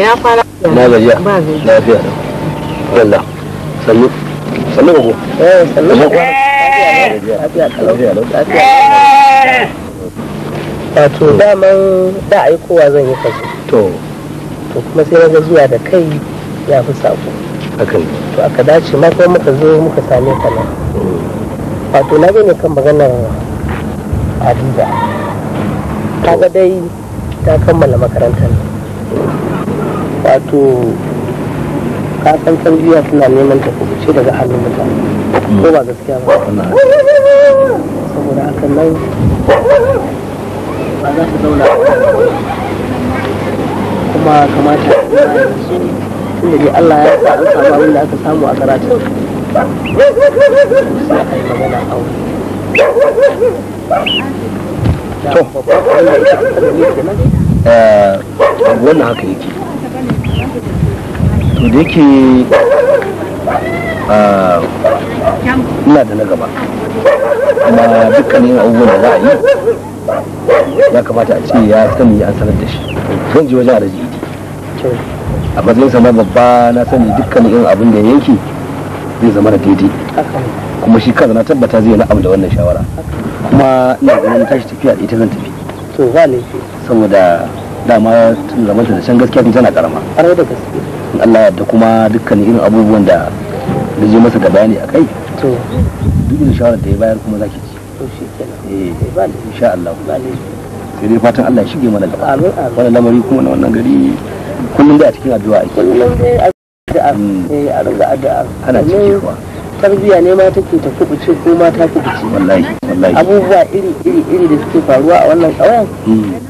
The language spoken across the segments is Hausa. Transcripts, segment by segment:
ya fara na gajiya lafiya wallah sallu sallu ko eh sallu ko lafiya lafiya lafiya wato daman da aikowa zan yi kaso to to kuma sai ga zuwa da kai ya fi sako hakan to aka dace ma kuma muka zo muka same ka nan mm. wato na gane kan maganar ta ga dai ta kammala makarantar wato kasan tarbiyya suna neman ta kubuce daga hannun mutane ko ba gaskiya ba saboda haka nan ba za su zauna kuma kamata ne dai Allah ya sa an samu abin da aka samu a karatun aure to eh, wannan haka yake to da a ah, ina da na gaba kuma dukkanin abubuwan da za a yi ya kamata a ce ya sani an sanar da shi zan ji wajen araji a matsayin sama babba na sani dukkanin irin abin da ya yanki zai zama da daidai kuma shi kansa na tabbata zai abu da wannan shawara kuma ina ganin tashi tafiya da ita zan tafi saboda dama zama da san gaskiya tun tana karama ƙarai da gaske Allah da kuma dukkan irin abubuwan da da je masa da bayani a kai to duk da shawarar da ya bayar kuma zaki ci to shi kenan eh, eh ba insha Allah ba sai dai fatan Allah ya shige mana gaba wannan lamari kuma na wannan gari kullum da a cikin addu'a ake kullum dai addu'a hmm. eh a ringa addu'a ana ciki kuwa tarbiya ne ma take ta kubuce ko ma ta kubuce wallahi wallahi abubuwa iri iri iri da suke faruwa a wannan ƙauyen hmm.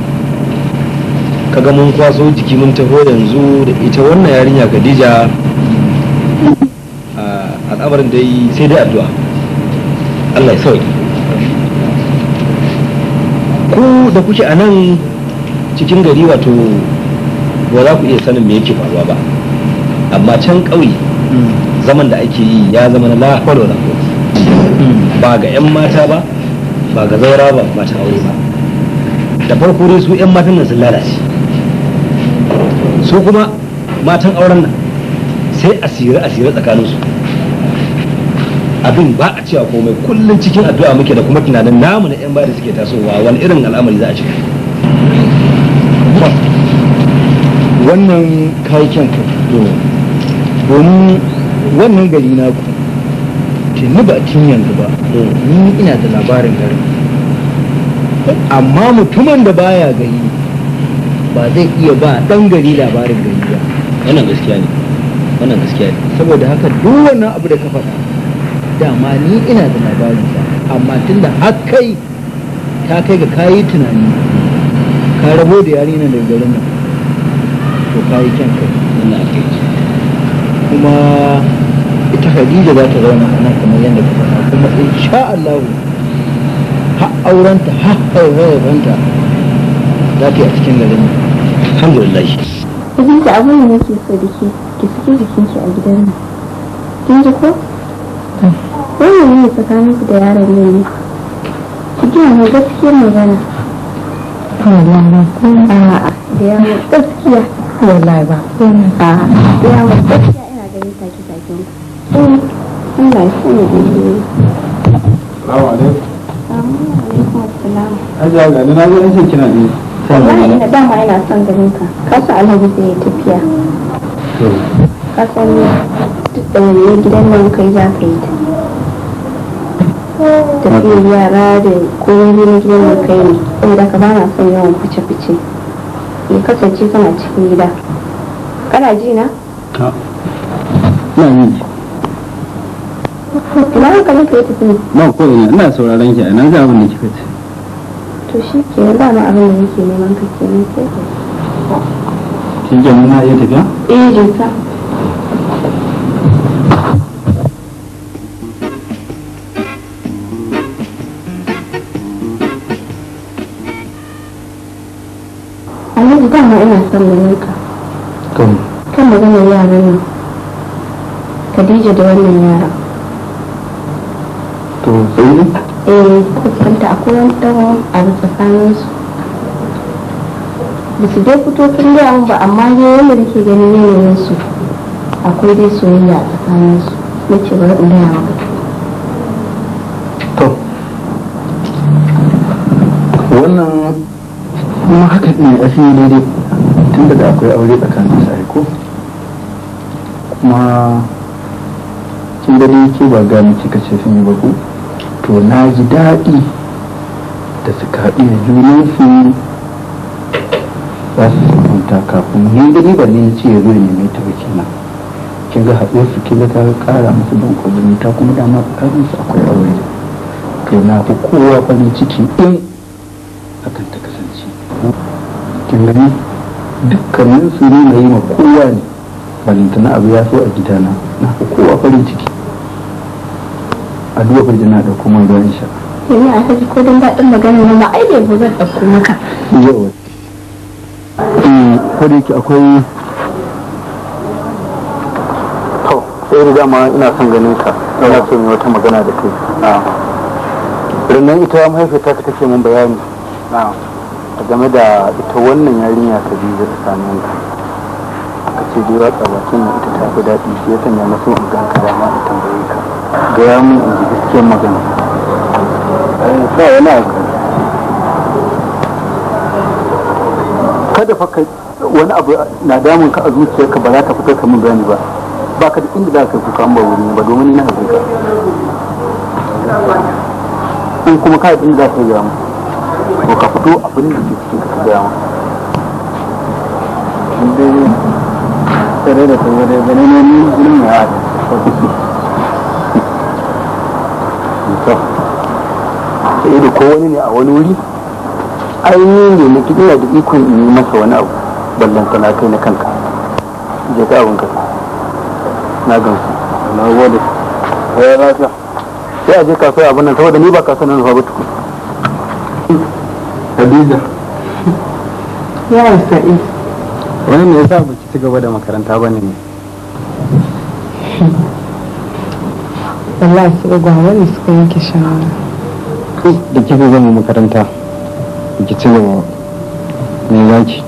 kaga mun kwaso jiki mun taho yanzu da ita wannan yarinya Khadija al'amarin da yi sai dai addu'a Allah ya sauki ku da kuke a nan cikin gari wato ba za ku iya sanin me yake faruwa ba amma can ƙauye zaman da ake yi ya zama na lafalo na ba ga 'yan mata ba ba ga zaura ba mata aure ba da farko dai su 'yan matan nan sun lalace su kuma matan auren nan sai asire asire tsakaninsu abin ba a cewa komai kullum cikin addu'a muke da kuma tunanin namu na yan bada suke tasowa wani irin al'amari za a cika wannan kayi kyan domin wannan gari naku tuni ba tun yanzu ba ni ina da labarin gari amma mutumin da baya gari ba zai iya ba ɗan gari labarin gari ba wannan gaskiya ne wannan gaskiya ne saboda haka duk wannan abu da ka faɗa dama ni ina da labarin sa amma tunda har kai ta kai ga kayi tunani ka rabo da yari nan daga garin nan to kayi kyan kai wannan akai kuma ita Khadija za ta zauna a nan kamar yadda ka faɗa kuma insha Allah ha aurenta har haihuwarta za ta yi a cikin garin nan alhamdulillah idan ki abin da nake so da ke ki saki ki a gidan nan kin ji ko wannan ne tsakanin ku da yaron nan ne ki ji mu gaskiyar magana da yawa gaskiya wallahi ba da yawa gaskiya ina ganin take taken ku Allah ya sani da ni Assalamu alaikum. Assalamu alaikum. Ajiya ga ni na zo in ce kina ne. son gani dama yana son garin ka ka san alhaji sai ya tafiya ka san duk da gidan nan kai za ka yi ta tafiyar yara da komai na gidan nan kai ne saboda ka ba na son yawan fice-fice ya kasance kana cikin gida kana ji na? na yi na hankalin ka yi tafi ne? ba ko ina ina sauraron ki a nan ga abin da kika ce to shi ke nan dama abin da yake neman ka ke nan sai ka shi ke nan iya tafiya? eh je ka Alhaji dama ina son ganin ka. Kan? Kan maganar yaran nan. Khadija da wannan yara. To, sai ne. eh kusanta akwai wani ɗan abu tsakanin su ba su dai fito sun gaya mu ba amma ne wanda nake ganin yanayin su akwai dai soyayya a tsakanin su na ce bari in gaya maka to wannan kuma haka ne a fiye daidai tun da akwai aure tsakanin su ko kuma kin da dai ke ba gane kika ce sun yi ba ku to na ji daɗi da su kaɗi da junansu za su samunta kafin yin gani ba ne ce zai neme ta ba kenan kin ga haɗuwar su kin ga ta ƙara musu don kwazini ta kuma dama ƙarin su akwai aure to na fi kowa farin ciki in hakan ta kasance kin gani dukkanin su ne na yi ma kowa ne balintana abu ya so a gidana na fi kowa farin ciki addu'a fa jina da kuma ruwan insha Allah a haji ko don daɗin magana na ba ai da ba zan ɗauko maka yawa eh, ko da yake akwai to sai riga dama ina son ganin ka ina so mu wata magana da kai rannan ita mahaifiyarta ta take mun bayani a game da ita wannan yarinya ta biyu da tsakanin ka ce dai watsa bakin ita ta fi daɗi shi ya sanya masu in ganka dama da tambaye ka gaya mun in ji gaskiyar magana ba wani abu kada fa kai wani abu na damun ka a zuciyarka ba za ka fitar ka mun gani ba ba ka da inda za ka kuka ba wuri ba domin na hazuka in kuma ka inda za ka gaya mu to ka fito abin da ke cikin ka gaya mu tare da tsaye da ganin wani zulmi ya wajen sai da ko wani ne a wani wuri ai ne na ina da ikon in yi masa wani abu ballan sana kai na kanka je ka abin kasa na gamsu na gode sai lafiya sai a je kasuwa abin nan saboda ni ba kasuwa nan nufa ba tukun Khadija ya sa'i. wani ne yasa ba ki ci gaba da makaranta ba ne wallahi su ga wani su suka yanke shawara da kika zama makaranta da ki ci gaba me zaki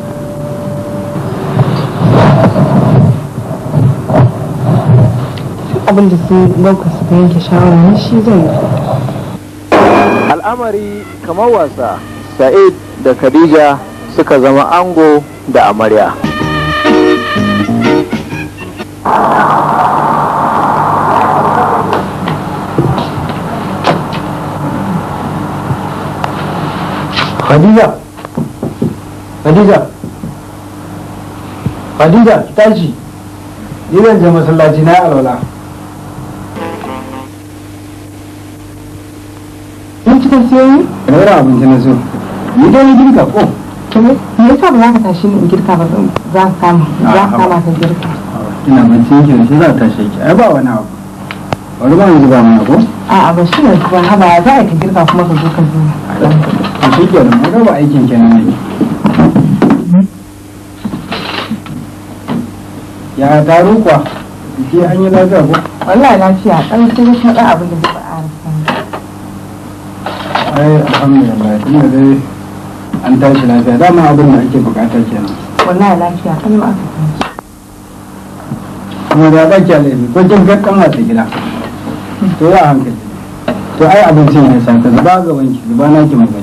abin da sun ɗauka suka yanke shawara ne shi zan yi al'amari kamar wasa sa'id da khadija suka zama ango da amarya Khadija Khadija Khadija ki tashi ni je masallaci na alwala in kika sai wani abinci na so ni da ni girka ko kuma me yasa ba za ka tashi ni in girka ba za ka kama za ka kama ka girka ina mace ki shi za ta tashi ai ba wani abu wani ba yanzu ba mana ko a'a ba shi ne ba haba za ka girka kuma ka zo ka zo shi kenan mun raba aikin kenan ne ya taro kuwa shi an yi lafiya ko wallahi lafiya kan sai ka da abin da ba a rasa ai alhamdulillah tunda dai an tashi lafiya dama abin da ake bukata kenan wallahi lafiya kan ma aka kuma da ba ki alheri ko jin ga kan wata gida to ya hankali to ai abin sai ne sai ka zuba ga wanki zuba na ki magana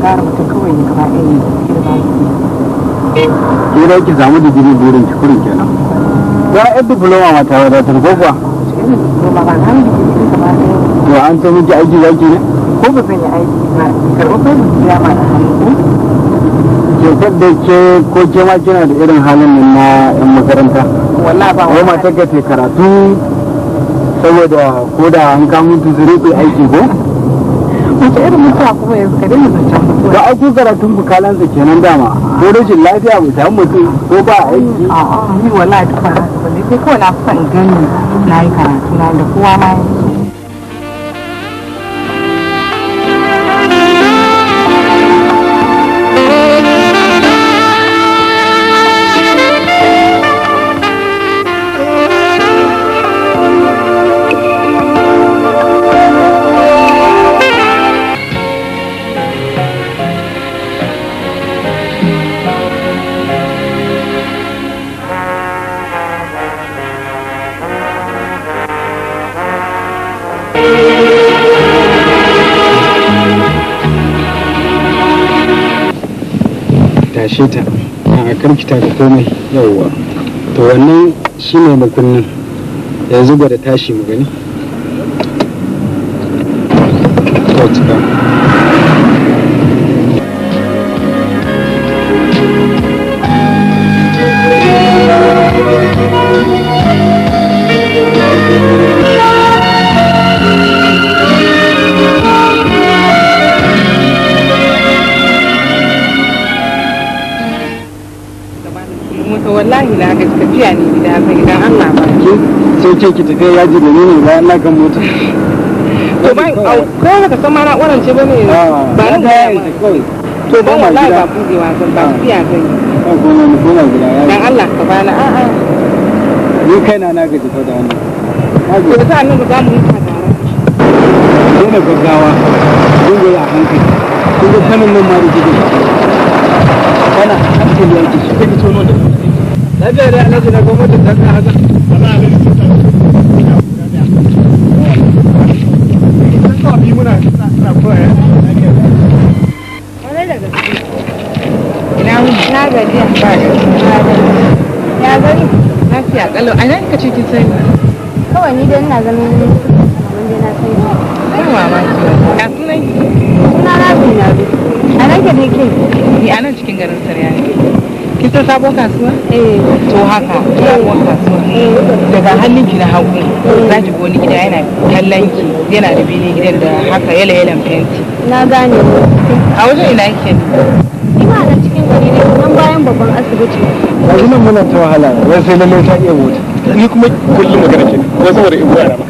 kara mutum kawai ne da ki burin ki kenan ya yan diploma ma ta wadatar ko kuwa to an ta miki aiki zaki ne ko ba zan yi aiki na karɓar kai ya ma da hannu kyautar ke ko ke ma kina da irin halin nan na yan makaranta wallahi ba wai matar ka karatu saboda ko da an kamun tuzuri ko aiki ko wata irin mutuwa kuma yanzu ka daina zancen mutuwa ga aku karatun bukalan sa kenan dama ko rashin lafiya mu samu mutum ko ba aiki a'a ni wallahi ba ne sai kawai na son gani na yi karatu na da kowa ma tashe ta a karkita da komai yawwa to wannan shi ne makunnin yanzu gwada tashi magani mu gani ki kai yaji da nuna ne bayan na kan mota to bai ko ka san ma na ce bane ba ni ah, da to ba wallahi ba kuzewa san ba ah. tafiya zan yi ko ne ko na gida ya dan Allah ka bani a a ni kai na na gaji fa da wannan. Ba to ta nan ba mu yi tare dole gaggawa dinga yi a hankali kun ga kanin nan ma da gidi. kana hankali yake shi kake tono da lafiya da alhaji na gwamnati da ta haka wallahi na koya wani daga na gajiya ba ya gani lafiya kalau a nan ka ce kin sani kawai ni dai ina ganin wanda na sani kai mamaki ya sunan suna rabi na bi a nan ka dai ke ni a cikin garin sarya ne kin san sabon kasuwa eh to haka sabon kasuwa daga hannun ki na hagu za ki ga gida yana kallon ki yana da bini gidan da haka yala yalan fenti na gane a wajen ina yake ina da cikin gari ne nan bayan babban asibiti yanzu nan muna ta wahala wai sai lalle ta iya mota ni kuma kullum magana ke wai saboda in fara ba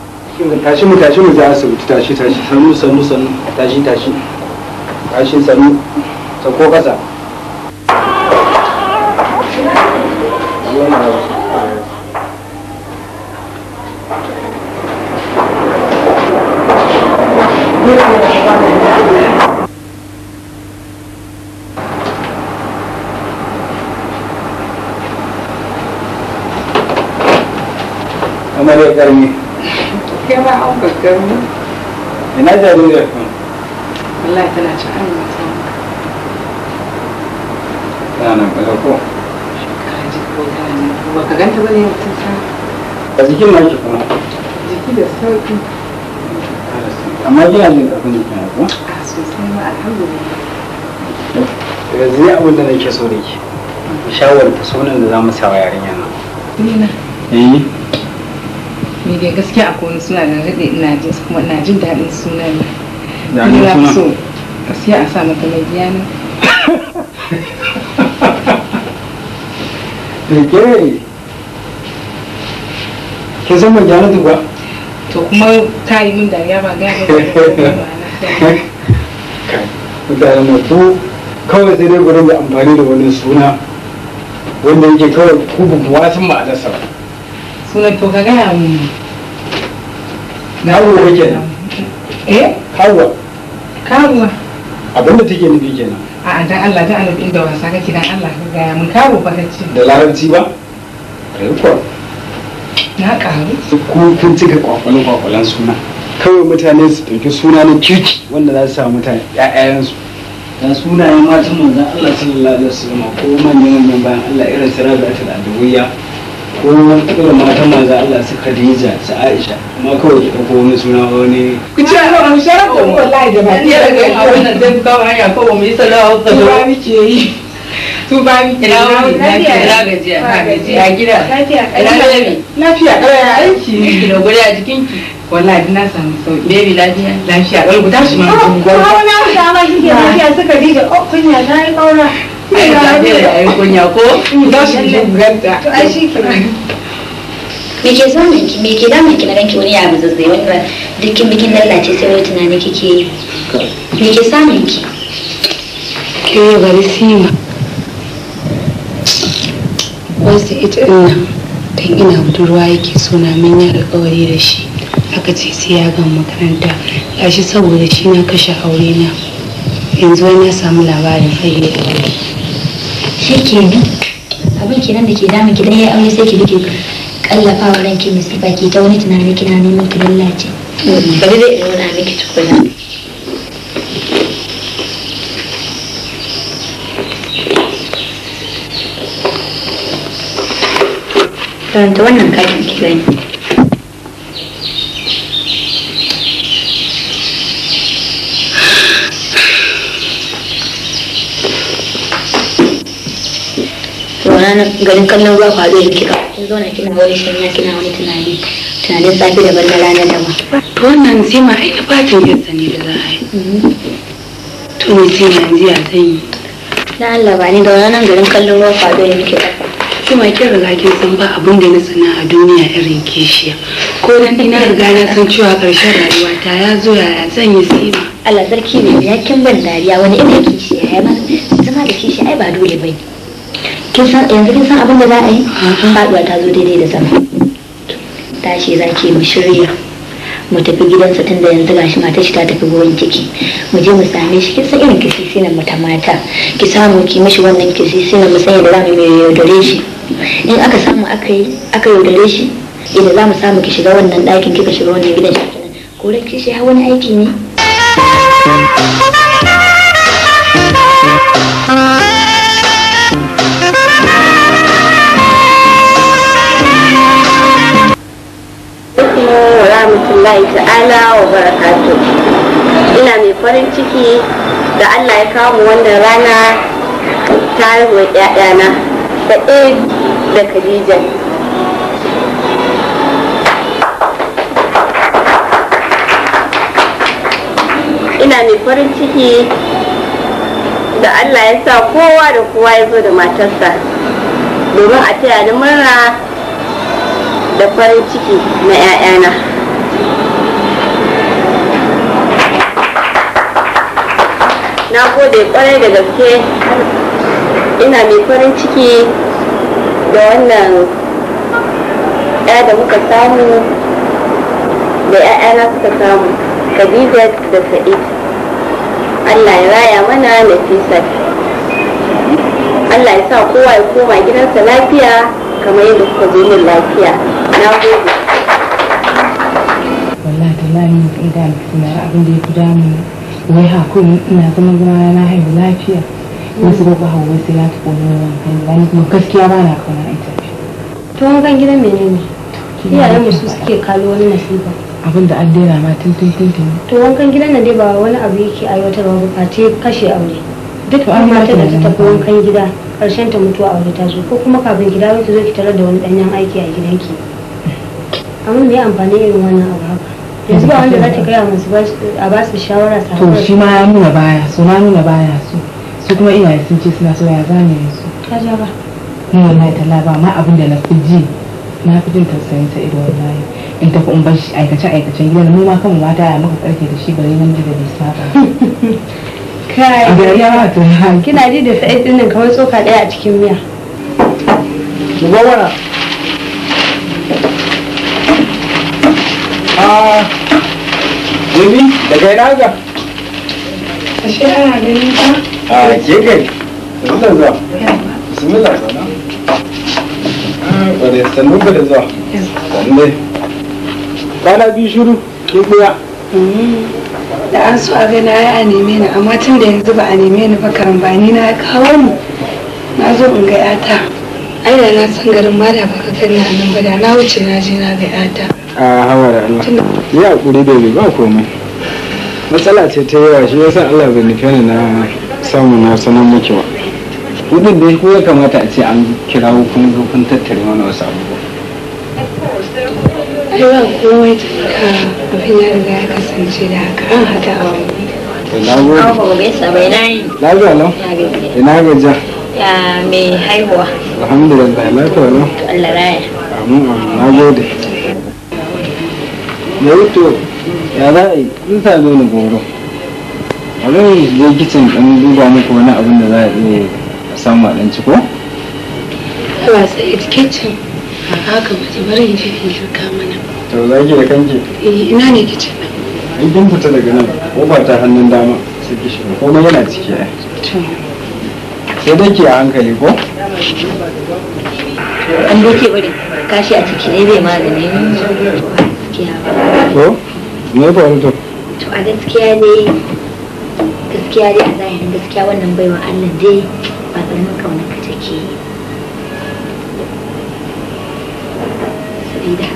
tashi mu tashi mu za asibiti tashi tashi sannu sannu sannu tashi tashi tashi sannu sako kasa Amalai ƙarni kai ma an gaggaru ina jaririyar kan wallahi tana ci an mutum tana kaga ko shekara ji ko tana ba ka ganta bane mutum a jikin nan ki kuma jiki da sauki amma kina jin karfin jikin na ko a sosai ma alhamdulillah yanzu ne abin da nake so da ke shawarta sunan da za mu sawa yarinya nan ni eh dai gaskiya a kone suna da daɗe ina jin kuma ina jin daɗin suna na ina so gaskiya a sa mata mai biya ne Rike ke zama gyara ba to kuma ta yi min dariya ba gane ba da mutu kawai zai dai gudun da amfani da wani suna wanda yake kawai kubun wasan ma'anarsa sunan to ka gaya mun na hawa nan eh hawa kawo abin da take nufi kenan a dan Allah dan Allah inda wasa kake dan Allah ka gaya mun kawo ba kace da laranci ba rikuwa na karu su ku kun cika kwakwalo kwakwalan suna kawai mutane su ɗauki suna na kirki wanda za su sa mutane ƴaƴayensu dan sunayen matan manzon Allah sallallahu alaihi wasallam ko manyan manyan bayan Allah irin ta da Adawiyya ko irin matan manzo Allah su Khadija su Aisha amma kawai ki dauko wani suna wani ku ci Allah mu sharar da wallahi da ba ni daga wannan dan kawo hanya ko mu yi salawa da ni ke yi tu ba ni ina wani lafiya ina gajiya gajiya gida lafiya ina lafiya lafiya kawai aiki ki da gure a jikin ki wallahi na samu sauki baby lafiya lafiya kawai ku tashi ma ku gwa ko na ta ma kike lafiya suka dija oh kunya ta yi kaura ai lafiya da ayi me ke zamun ki me ke ki ranki wani abu zazzai wanda dukkan bikin lallace sai wani tunani kike yi me ke samun ki ke bari sima wasu ita ina don ina budurwa yake suna min ya alkawari da shi aka ce sai ya gan makaranta gashi saboda shi na kashe aure na yanzu wani ya samu labarin da wani. ashe ne abin kenan da ke damun ki dan yayi aure sai ki duke kallafa wa ranki ke ta wani tunani kina neman ki lallace bari dai in miki tukuna wannan katin ranar kallon ruwa kwado ya kira zo zauna kina wani shanya kina wani tunani tunanin safe daban na ranar daban. to wannan zima ai na fatin yadda ne da za a yi to ne sai yanzu ya zan yi na Allah ba ni da ranar garin kallon ruwa kwado ya kira kuma kira riga kin san ba abin da na sana a duniya irin kishiya ko nan ina riga na san cewa karshen rayuwa ta ya zo yaya zan yi sima Allah sarki ne ya kin ban dariya wani irin kishiya ya ma zama da kishiya ai ba dole bane kin san yanzu kin san abin da za a yi faduwa ta zo daidai da sama tashi za ki mu shirya mu tafi gidansa tunda yanzu gashi matar shi ta tafi goyon ciki mu je mu same shi kin san irin kisisi na mata mata ki samu ki mishi wannan kisisi na musayin da za mu yaudare shi in aka samu aka yi aka yaudare shi idan za mu samu ki shiga wannan ɗakin kika shiga wannan gidan shi ko ran kishi har wani aiki ne rahmatullahi ta'ala wa barakatu ina mai farin ciki da allah ya kawo mu wannan rana ta haihuwar ƴaƴana da da khadija ina mai farin ciki da allah ya sa kowa da kowa ya zo da matarsa domin a taya ni murna da farin ciki na 'ya'yana. na gode kwarai da gaske ina mai farin ciki da wannan ya da muka samu da ‘ya'yana suka samu kadija da Sa'id Allah ya raya mana na Nafisat Allah ya sa kowa ya koma gidansa lafiya kamar yadda kuka zo min lafiya na gode wallahi tallahi mun kai da alhamdulillah abin da ya fi damu wai hakuri ina zama zama na haihu lafiya wasu ba hawa wai sai ya tafi wani wankan gida kuma gaskiya ba na kauna ita to wankan gidan menene iyaye mu su suke kalo wani nasiba abin da an daina ma tun tun tun tun to wankan gidan nan dai ba wani abu yake aiwatarwa ba face kashe aure duk mata da ta tafi wankan gida karshen ta mutuwa aure ta zo ko kuma kafin gida wata zo ki tarar da wani danyen aiki a gidanki abin da ya amfani irin wannan abu haka yanzu ba wanda za ta gaya musu a ba su shawara ta to shi ma ya nuna baya su ma nuna baya su su kuma iyaye sun ce suna so ya zane su ta ja ba ni wallahi ba ma abin da na fi ji na fi jin tausayin sa ido wallahi in tafi in bar shi aikace aikacen gidan mu ma kanmu mata ya muka karke da shi bare namiji da bai saba kai kina ji da sa'id din kamar tsoka daya a cikin miya ki gwawara a ah, jimi daga ina ga ashe ana ganin ka a ah, ke kai bismillah zuwa bismillah ah, zuwa Bade, sannu bade zuwa. Sannu. Kwana biyu shiru, Ke kuya. Mm-hmm. Da an so a gana ya a neme ni, amma tun da yanzu ba a neme ni ba karambani na kawo ni. Na zo in ga 'yata. Ai da na san garin ma da baka a nan ba da na wuce na je na ga 'yata. a hawa da Allah ya kuri da ba komai matsala ce ta yawa shi yasa Allah bai nufi ni na samu na sanar miki ba kudin da ko ya kamata a ce an kira kun zo tattare wani wasu abubuwa Aiwa komai abin ya riga ya kasance da haka an a Ya mai haihuwa. Alhamdulillah, lafiya Allah raya. Amin, amin, na gode. da wuto ya za a yi sun sa zo ni goro abin da kicin ɗan duba muku wani abin da za a iya samu a ɗanci ko? Yawa sai kicin a haka mace bari in je in girka mana. To za ki da kanki? Eh, ina ne kicin nan? An kin fita daga nan ko ba ta hannun dama sai ki Ko komai yana ciki ai. Sai dai ki a hankali ko? An doke bari kashi a ciki ne bai magani. gaskiya ba me ya faru to to a gaskiya dai gaskiya dai a zahirin gaskiya wannan baiwa Allah dai ba ƙaramin ƙaunar ka take sabida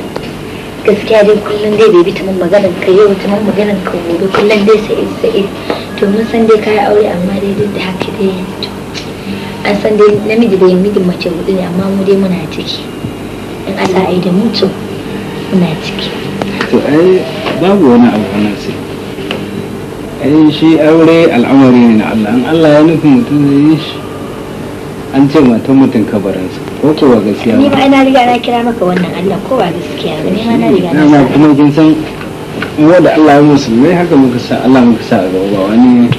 gaskiya dai kullum dai bai bi ta mun maganar ka yau ta mun maganar ka gobe kullum dai sa'id sa'id to mun san dai kayi aure amma dai duk da haka dai an san dai namiji da mijin mace hudu ne amma mu dai muna ciki in Allah ya yi da mutu muna ciki to ai babu wani abu a sai ai shi aure al'amari ne na Allah in Allah ya nufi mutum zai yi shi an ce matan mutum kabarinsa ko ko ba gaskiya ni riga na kira maka wannan Allah ko ba gaskiya ba ni ma na riga na kuma kin san mu da Allah ya musulmai haka muka sa Allah muka sa a gaba wani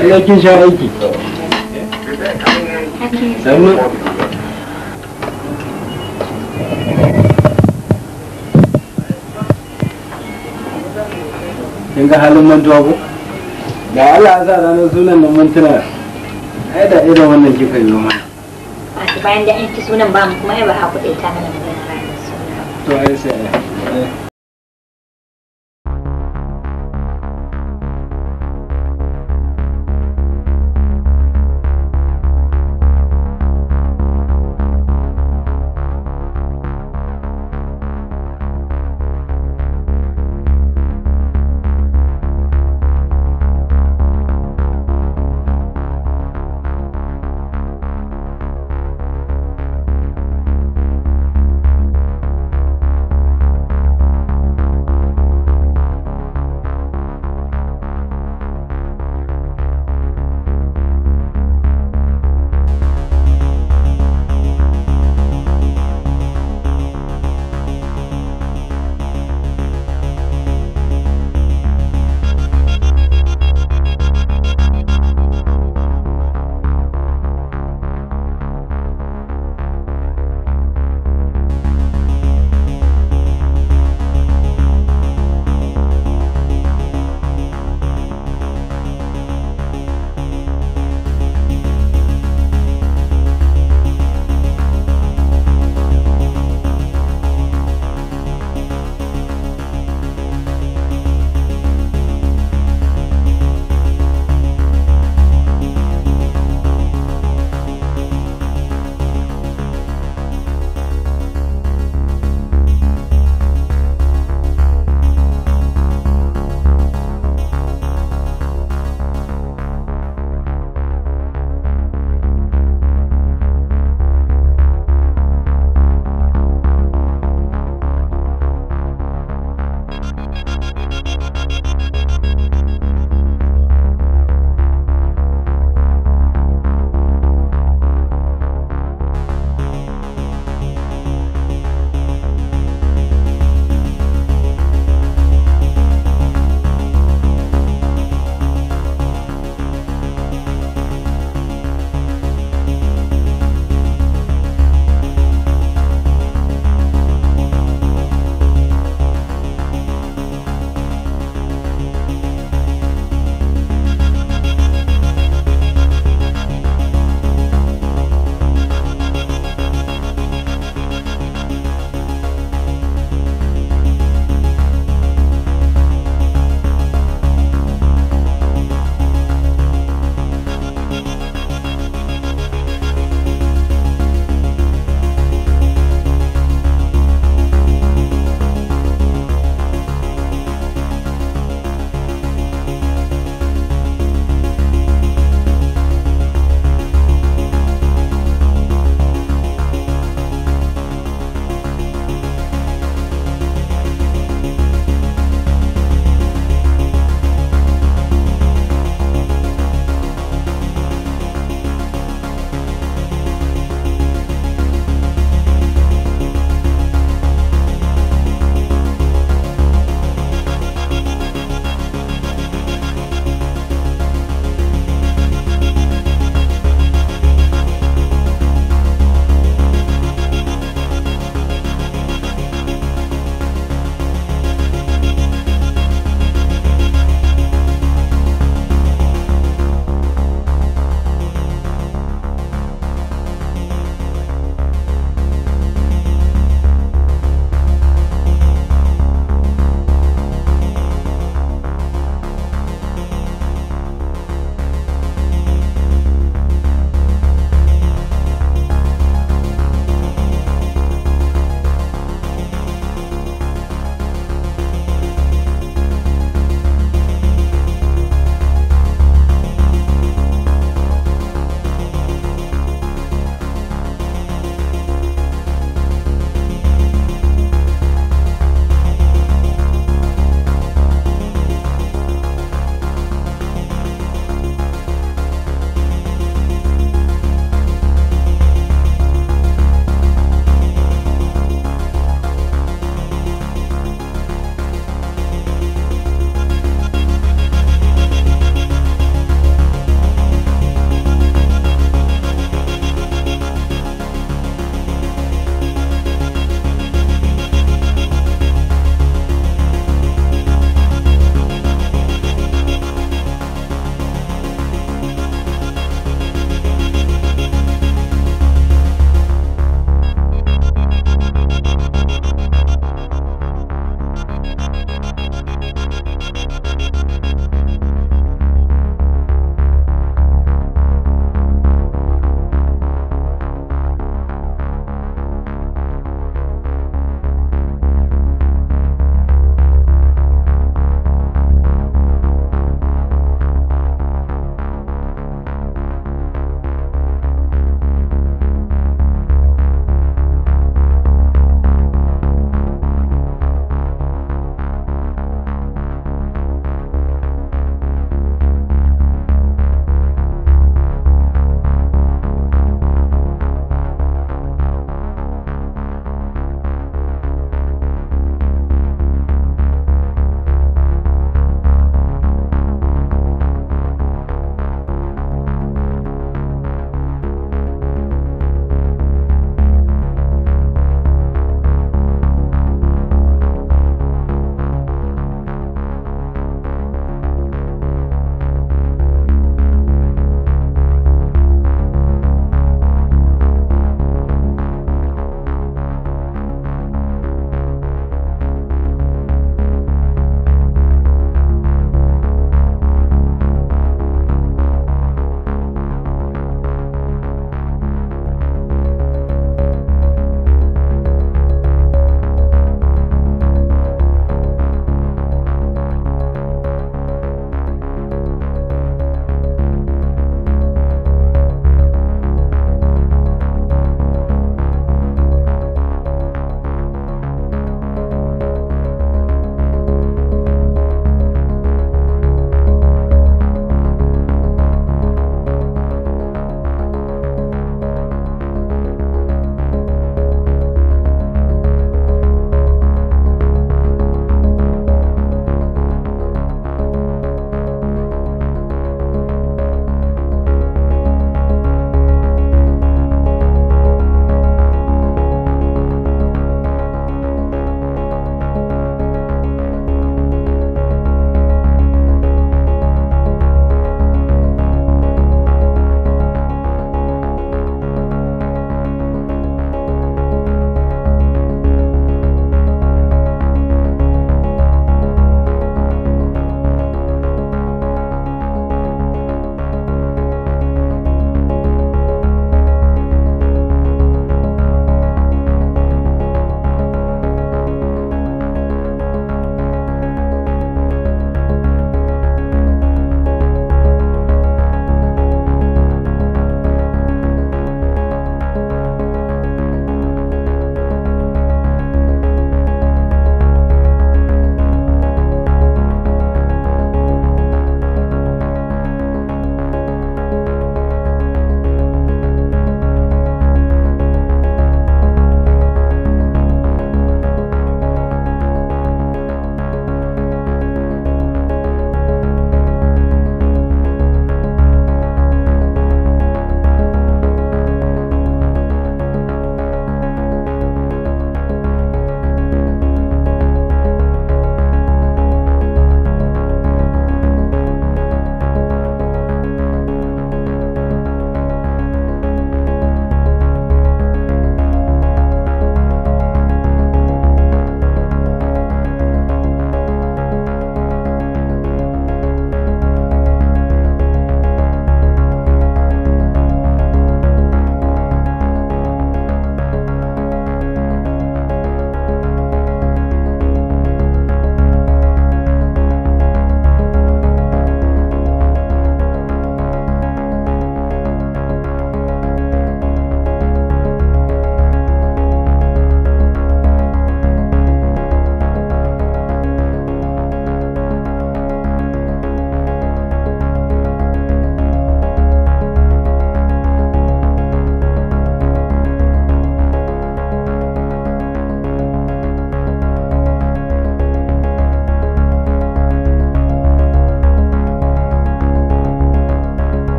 Allah sha aiki kin ga halin mantuwa ko da Allah za ranar sunan nan mantuna ai da irin wannan kika yi ma bayan da yanki sunan ba mu kuma ai ba a kuɗe ta nan da ranar sunan to ai sai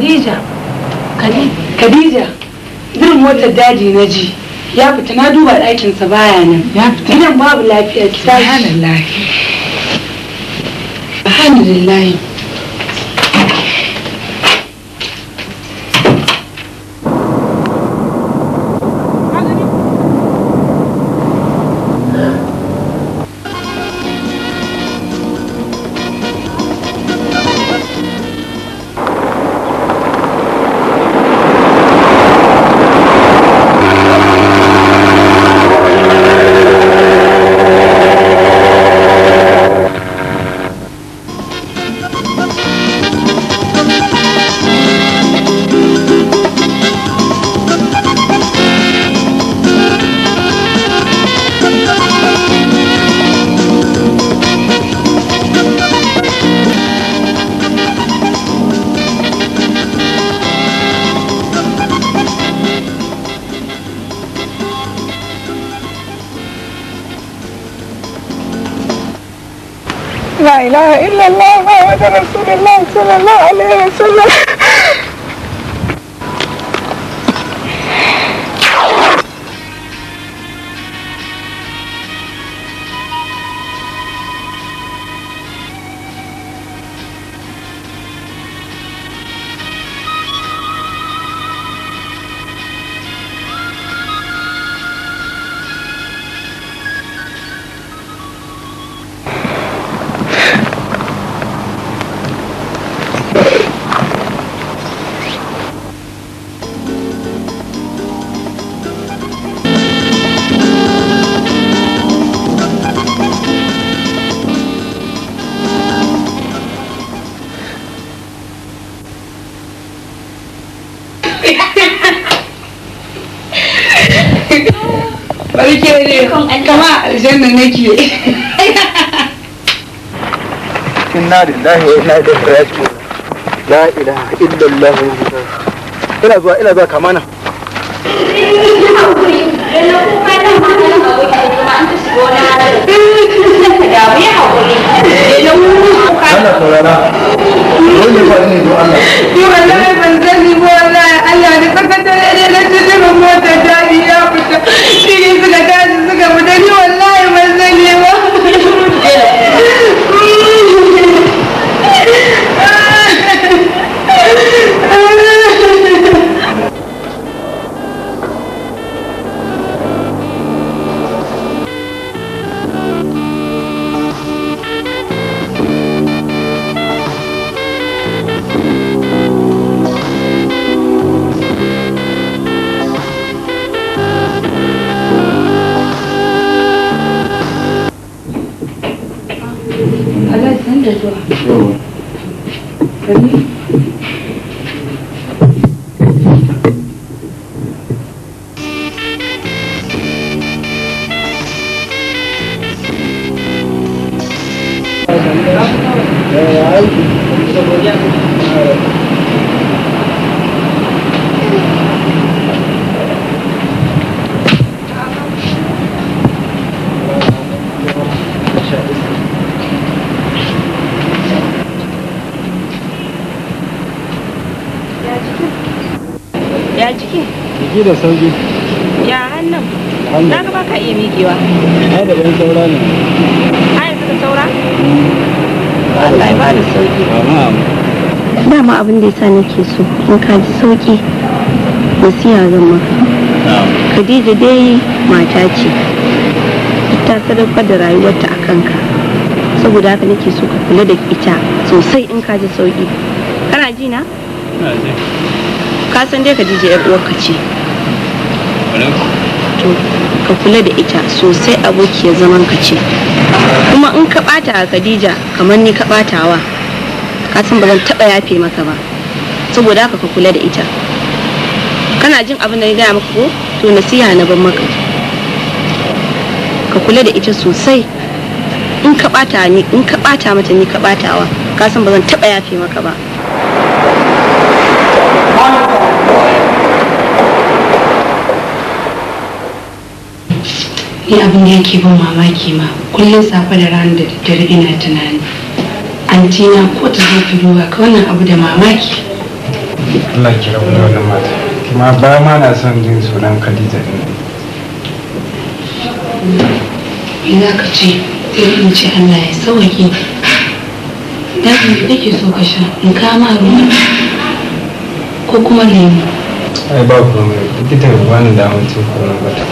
Khadija Khadija irin motar daji na ji ya fita na duba ɗakinsa baya nan gidan babu lafiya ki tashi subhanallah alhamdulillah لا إله إلا الله محمد رسول الله صلى الله عليه وسلم kama aljanna nake inna lillahi wa inna ilaihi raji'un la ilaha ina zuwa ina zuwa Allah saurara, dole fa zo Allah. da sauki ya hannun na gaba ka iya miƙewa ai da ɗan saura ne ai yanzu ka saura mm. Allah ya da sauki dama abin da yasa nake so in ka ji sauki nasiha zan maka Khadija dai mata ce ta sadaukar da rayuwarta a kanka saboda haka nake so ka kula da ita sosai in ka ji sauki kana ji na ka san dai Khadija yar uwarka ce to ka kula da ita sosai abokiyar zaman ka ce kuma in ka bata a khadija kamar ni ka batawa ka san ba zan taba yafe maka ba saboda haka ka kula da ita kana jin abin da ya gaya maka ko to nasiha na ban maka ka kula da ita sosai in ka bata ni in ka bata mata ni ka batawa ka san ba zan taba yafe maka ba ni abin da yake bin mamaki ma kullum safe da ran da daddare ina tunani antina ko ta zo ta duba ka wannan abu da mamaki Allah ki rabu da wannan mata kuma ba ma na son jin sunan Khadija din ina ka ce sai in ce Allah ya sauke dan me kake so ka sha in ka ma ruwa ko kuma lemu ai ba komai likita ba ni da amince ko na bata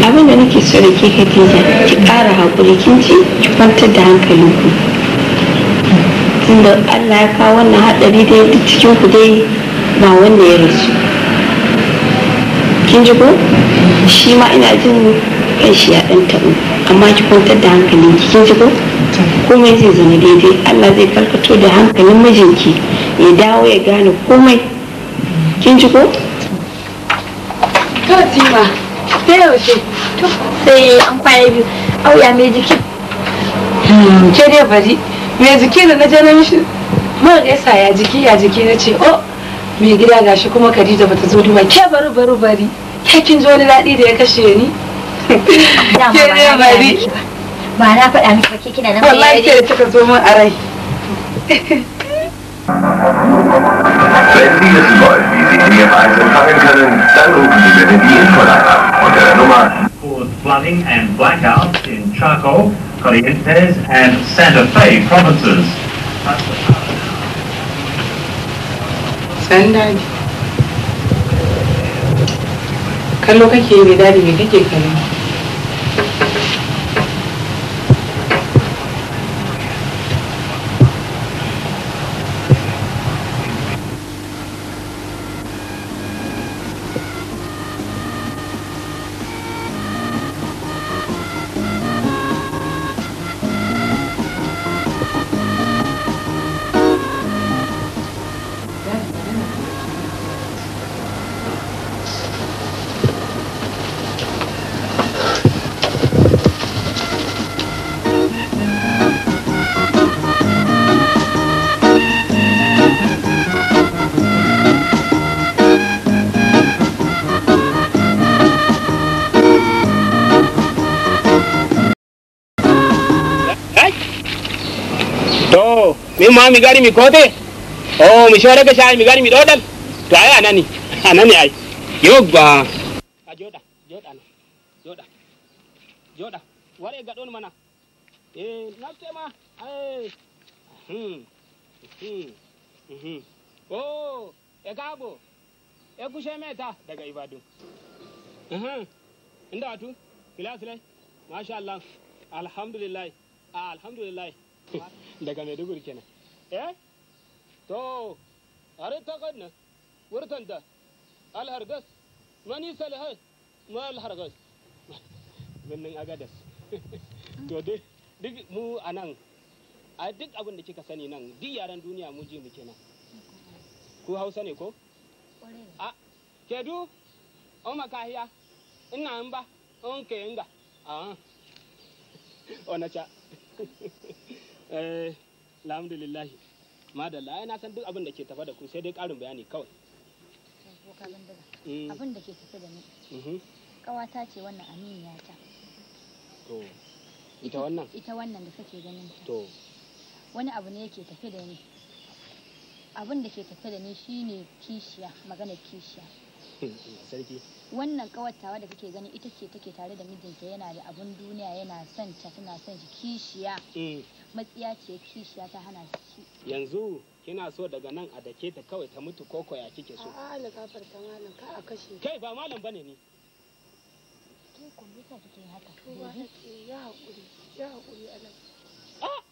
abin da nake so da ke Khadija ki ƙara haƙuri kin ci ki kwantar da hankalinku tunda Allah ya kawo wannan haɗari dai duk cikin ku dai ba wanda ya rasu kin ji ko shi ma ina jin kan shi ya ɗan taɓo amma ki kwantar da ki kin ji ko komai zai zama daidai Allah zai karkato da hankalin mijinki ya dawo ya gane komai kin ji ko? ma, sai yaushe sai an kwana biyu auya mai jiki hmm, ke dai bari na na na ce oh, gida gashi kuma Khadija bata zo duba ke bari bari bari ke kin zo ni da ya kashe ni ke dai bari ba na faɗa miki ba ke kina nan wallahi ke da kika zo min a rai Caused flooding and blackouts in Chaco, Corrientes and Santa Fe provinces. Can look at here. dadi me kake kallo? min ma mi gari mi kote o oh, mi shore ka shayi mi gari mi dodal to ai anani anani ai yogba a joda joda na joda joda ware ga don mana e na te ma ai hmm hmm hmm o oh, e gabo e kushe meta daga ibadu mhm inda atu kilas lai masha Allah alhamdulillah alhamdulillah daga Maiduguri kenan eh to are ta kanna wurtanta alhargas mani salihai ma alhargas birnin agadas to duk mu anan a duk abin da kika sani nan duk yaren duniya mu ji muke nan ku hausa ne ko a kedu o makahiya ina mba on ke nga a onacha eh alhamdulillah madalla ai na san duk abin da ke tafa da ku sai dai karin bayani kawai abin da ke tafa da ni kawata mm-hmm. ce wannan aminiya ta to ita wannan ita wannan da kake ganin ta to wani abu ne yake tafe da ni abin da ke tafe da ni shine kishiya maganar kishiya wannan kawatawa da kake gani ita ce take tare da mijinta yana da abun duniya yana son ta tana son shi kishiya eh. matsiya ce kishiya ta hana shi yanzu kina so daga nan a dake ta kawai ta mutu koko ya kike so a'a na ta malam ka a kashe kai ba malam bane ni ke kwamfuta kike haka to ba haƙi ya hakuri ya hakuri anan ah!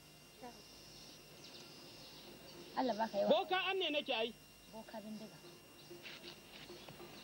Allah baka yi wa boka an ne nake ai boka bindiga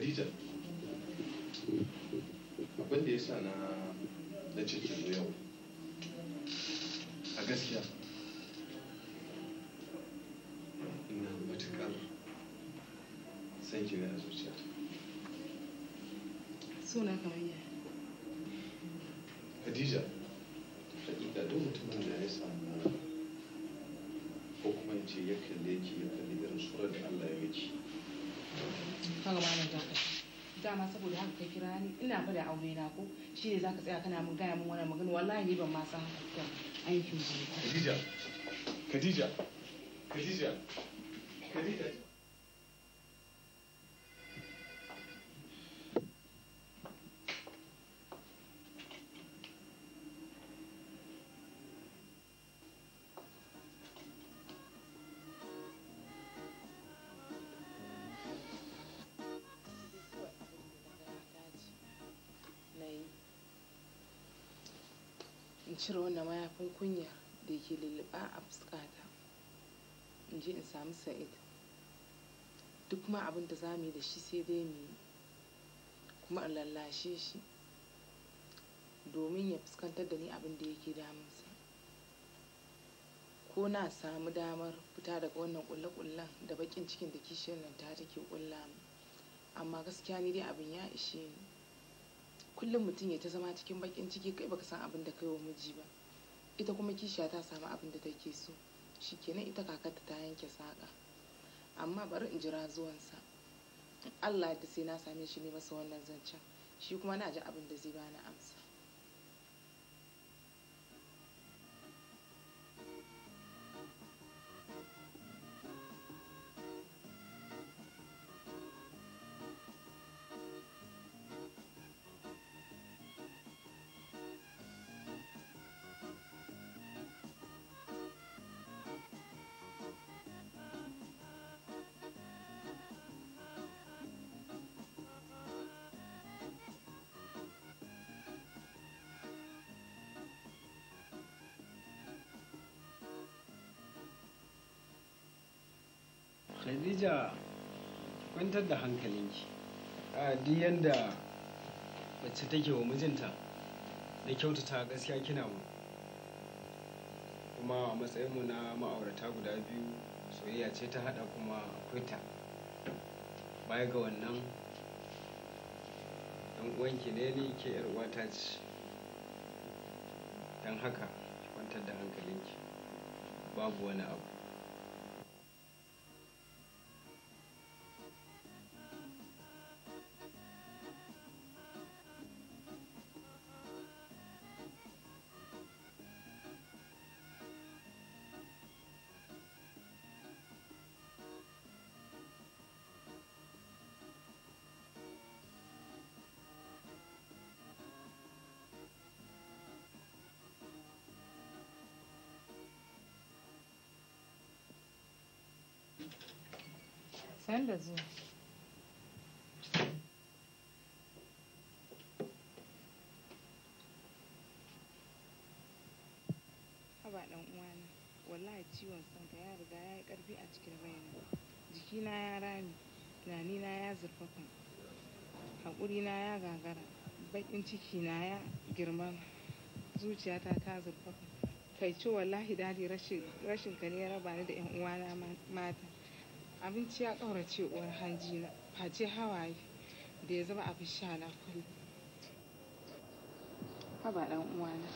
Khadija abin ya sa na na cikin yau a gaskiya ina matuƙar san ki a zuciya suna kamar yaya Khadija hakika duk mutumin da ya samu ko kuma ya ce ya kalle ki ya kalli irin surar da Allah dama saboda haka ka kira ni ina fa da aure na ko shi zaka tsaya kana mun gaya mun wannan magana wallahi ni ban ma san hakan aikin Khadija Khadija Khadija Khadija cire wannan mayafin kunya da ke lulluɓa a fuskata in je in samu sa'id duk ma abin da za mu yi da shi sai dai mu yi kuma in lallashe shi domin ya fuskantar da ni abin da yake damunsa ko na samu damar fita daga wannan kulle-kullen da bakin cikin da kishiyar nan ta take mu? amma gaskiya ni dai abin ya ishe ni kullum mutum ya ta zama cikin bakin ciki kai baka san abin da kai wa miji ba ita kuma kishiya ta samu abin da take so shi kenan ita kakarta ta yanke saƙa amma bari in jira zuwansa Allah ta sai na same shi ne masa wannan zancen shi kuma na ji abin da zai bani amsa khadija kwantar da hankalinki a ah, duk yadda mace take wa mijinta na kyautata gaskiya kina mu kuma a matsayinmu na ma'aurata guda biyu soyayya ce ta haɗa kuma akwai ta baya ga wannan dan uwanki ne ni ke yar uwata ce don haka kwantar da hankalinki babu wani abu Sen de Haba ɗan uwana, wallahi ciwon sanka ya riga ya yi ƙarfi a cikin raina. Jikina ya rami tunanina ya zurfafa, haƙurina ya gagara, baƙin cikina ya girma zuciyata ta zurfafa. Kai ce wallahi dadi rashin ka ne ya raba ni da 'yan uwana mata. abinci ya ƙaurace uwar hanji na face hawaye da ya zama abin sha na kullum haba uwana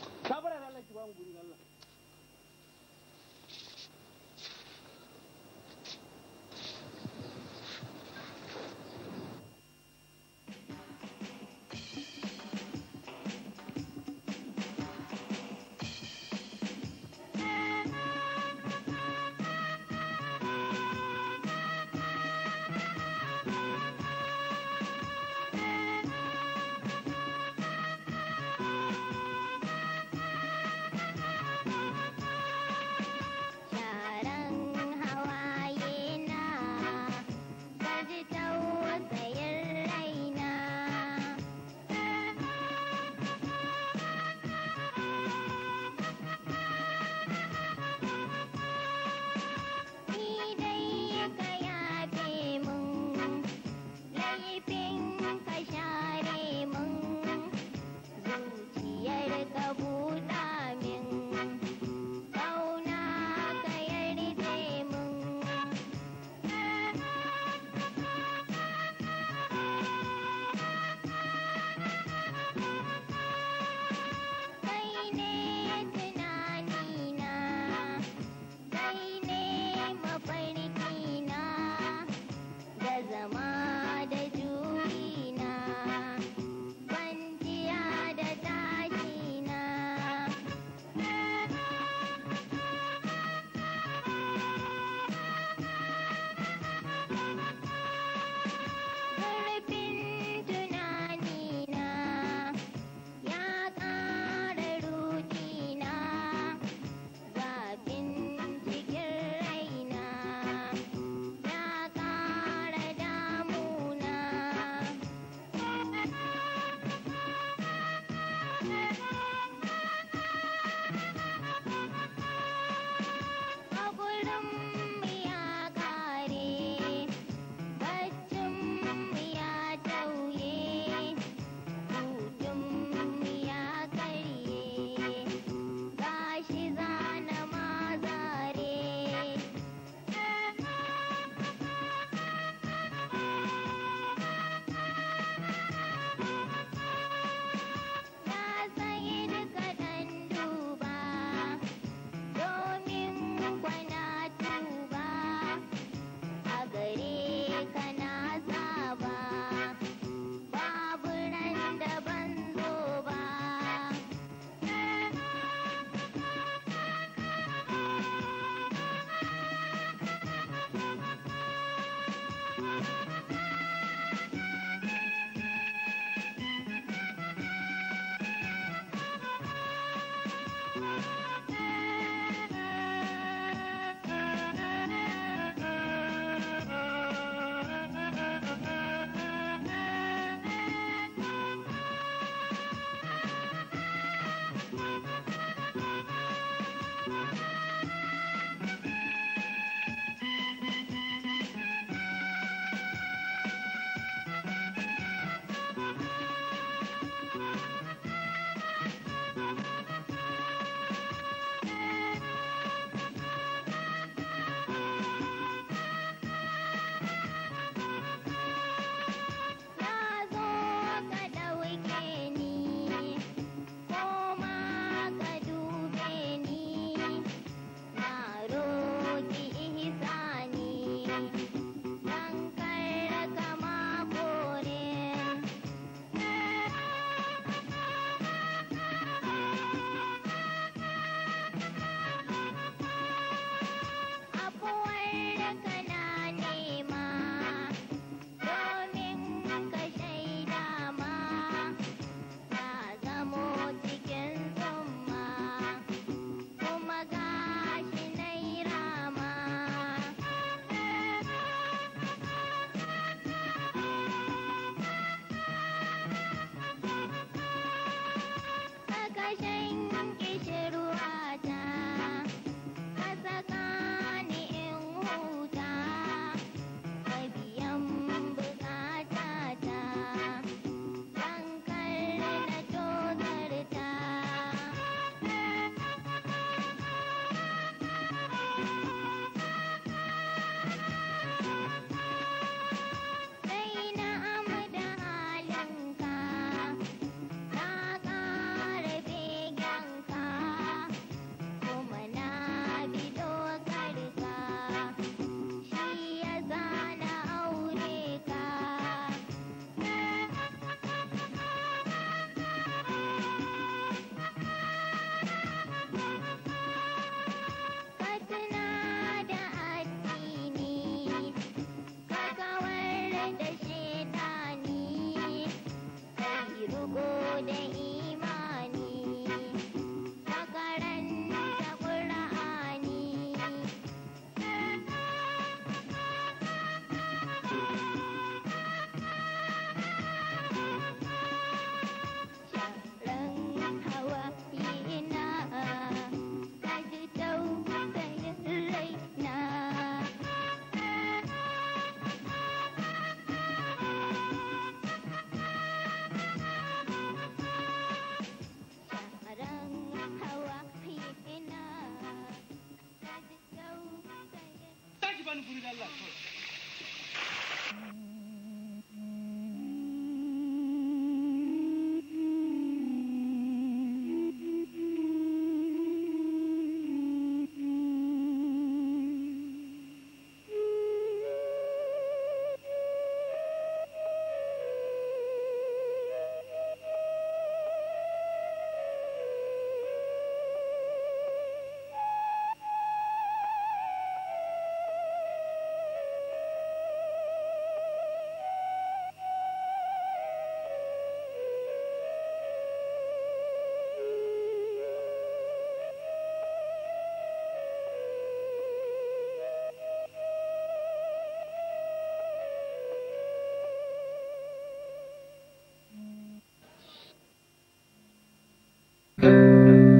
Música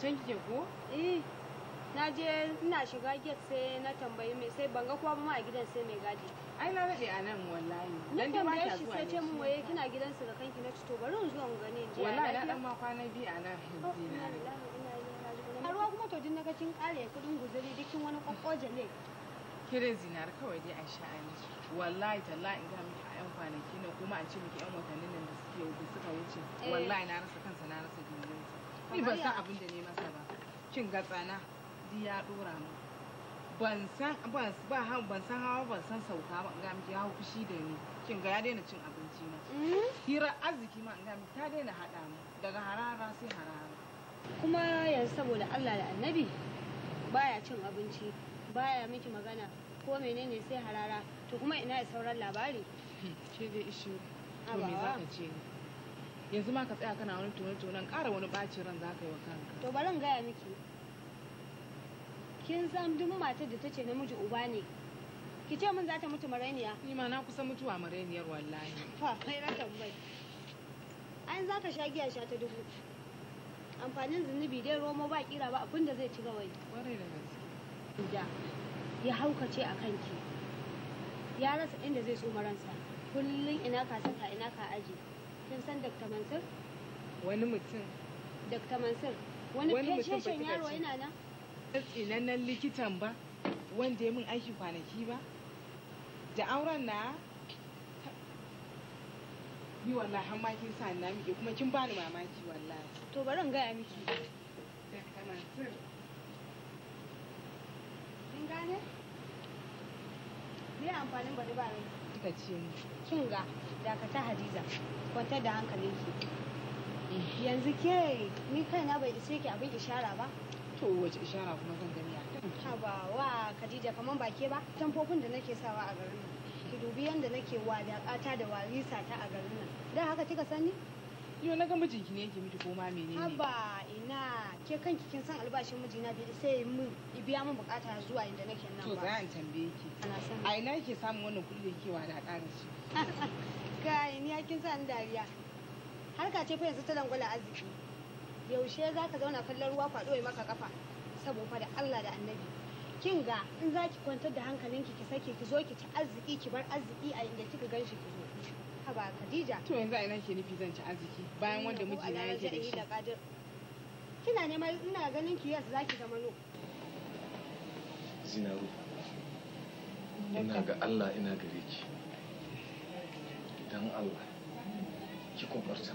can kike ko? Eh. Na je ina shiga gate sai na tambayi mai sai ban ga kowa ba ma a gidan sai mai gadi. Ai na daɗe a nan wallahi. Dan dai ba ta zuwa. Sai ce mun waye kina gidan su da kanki na to bari in zo in gane in je. Wallahi na dan ma kwana biyu a nan. Oh, a ruwa kuma to din naga kin kare kudin guzuri dukin wani kokkoje ne. Kire zinar kawai dai a sha'ani. Wallahi tallahi in ga miki a yan kwanaki na kuma a ce miki yan watannin nan da suke suka wuce. Eh. Wallahi na rasa kansa na rasa dindinsa. Ni ban san abin da ne masa ba. Cin gatsana duk ya dora mu. Ban san ban ba ban san hawa ban san sauka ba ga miki hawo fushi da ni. Kin ga ya daina cin abinci na. Mm-hmm. Hira arziki ma ga miki ta daina hada mu daga harara sai harara. Kuma yanzu saboda Allah da Annabi baya cin abinci baya miki magana ko menene sai harara to kuma ina sauran labari. Hmm, ke dai ishi. To me za ka ce ni? yanzu ma ka tsaya kana wani tone-tonen ƙara wani ɓacin ran za ka yi wa kanka to bari gaya miki kin san duk matar da ta ce namiji uba ne ki ce min za ta mutu mareniya ni ma na kusa mutuwa mareniyar wallahi fa kai na tambayi an za ka sha giya sha ta dubu amfanin zunubi dai romo ba kira ba abin da zai ci gawayi kwarai da gaske da ya haukace a kanki ya rasa inda zai so maransa kullum ina ka saka ina ka aje kin san Dr. Mansur? Wani mutum. Dr. Mansur, wani fesheshen yaro yana nan? Tsinannen likitan ba, wanda ya min aiki kwanaki ba. Da auren na sa na miki kuma kin bani mamaki wallahi. To bari in gaya miki. Dr. Mansur. Kin gane? amfanin bari ba rai? kika ce mu kin ga dakata hadiza kwanta da ki yanzu ke ni kaina bai isa ki abin ishara ba to wace ishara kuma zan gani a kan ha ba wa khadija kaman ba ke ba tamfofin da nake sawa a garin nan ki dubi yanda nake wadaƙata da warisa ta a garin nan dan haka kika sani Yau na ga mijinki ne yake miki koma menene? Haba ina ke kanki kin san albashin mijina bai sai min biya min bukata zuwa inda nake nan ba. To za in tambaye ki. A ina yake samun wannan kudi da yake wada karin shi? ga ina kin san dariya. Harka ce fa yanzu ta dangwala arziki. Yaushe za ka zauna kallon ruwa kwaɗo ya maka kafa saboda da Allah da annabi. Kin ga in za ki kwantar da hankalinki ki sake ki zo ki ci arziki ki bar arziki a inda kika gan shi ki zo. haba Khadija to yanzu a ina ke nufi zan ci arziki bayan wanda na yake da shi kina neman ina ganin ki yasa zaki zama no zinaru ina ga Allah ina gare ki dan Allah ki kubarta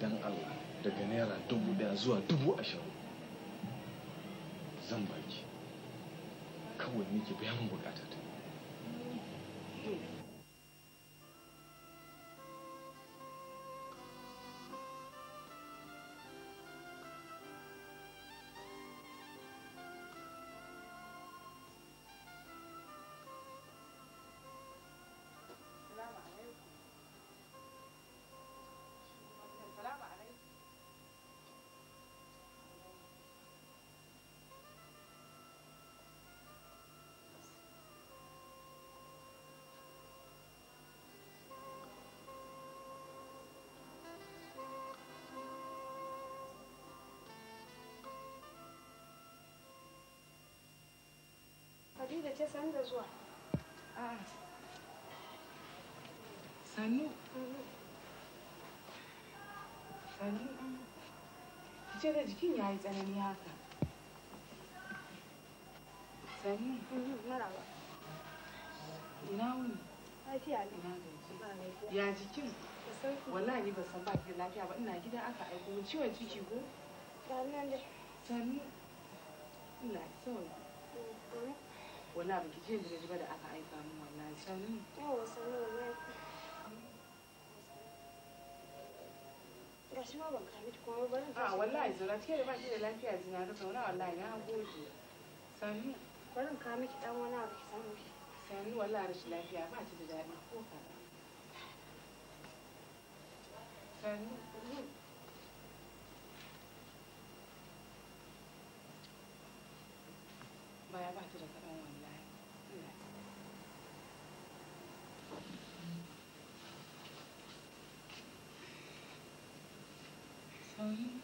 dan Allah daga naira dubu daya zuwa dubu ashirin zan baki kawai nake biyan bukatata Ah. Mm-hmm. Mm-hmm. ce san da zuwa. Sannu. Sannu. Ki ga ya yi tsanani haka. Mm-hmm. Ya jikin. Wallahi ba san ba ki lafiya ba ina aka aiko mun ciwon ciki ko? wala ba ki ce da ba da aka aika min wallahi sanu yawa sanu wallahi gashi ma ban kami komai ba a wallahi zura ke da ba ki da lafiya zina ta zauna wallahi na gode sanu barin ka miki dan wani abu ki samu ki sanu wallahi rashin lafiya ba ta da daɗi ko ka sanu baya ba ta da 嗯。